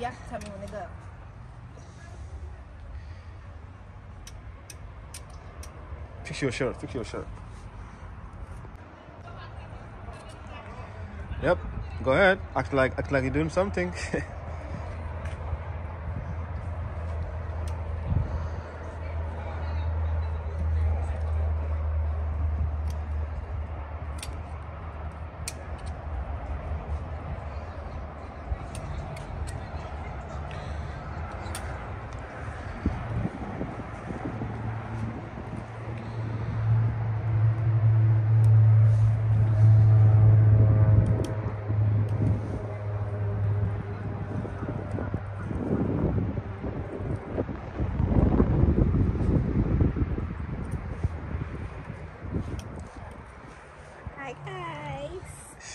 jak samego. Fix your shirt, fix your shirt. Yep, go ahead. Act like act like you're doing something.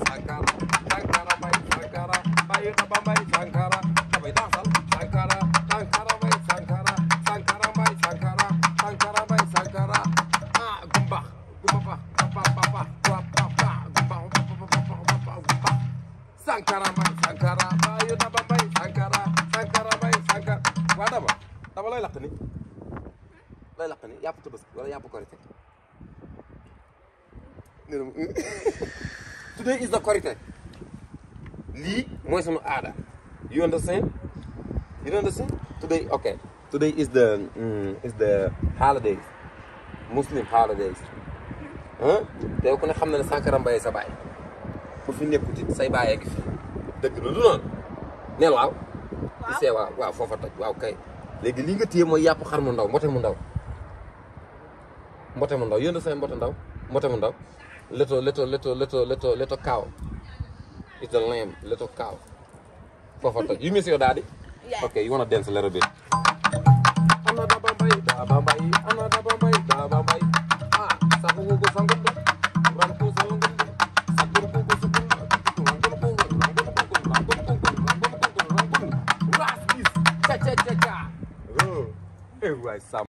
Sankara Sankara bay Sankara bay na ba may Sankara damay dansal Sankara Sankara bay Sankara Sankara bay Sankara Sankara bay Sankara ah gumbax gumbax papa papa papa gumbax papa papa Sankara bay Sankara bay na ba may Sankara Sankara bay Sankara waa dama dama lay lakk ni lay lakk ni yàpp Tabaski wala yàpp Korité today is the korite lii mooy sunu aada you understand you understand today okay today is the um, is the holidays muslim holidays te ku ne xam na ne Sankara Mbaye sa baay ku fi nekku say baay ak fi dëgg la du noonu ne waaw see waaw waaw foofa toj waaw kay léegi li nga téye mooy yàpp xar mu ndaw mbote mu ndaw mbote mu ndaw yéen a say mbote ndaw mbote mu ndaw little, little, little, little, little, little cow. It's a lamb, little cow. You miss your daddy? Yeah. Okay, you want to dance a little bit. Hey, right, Sam.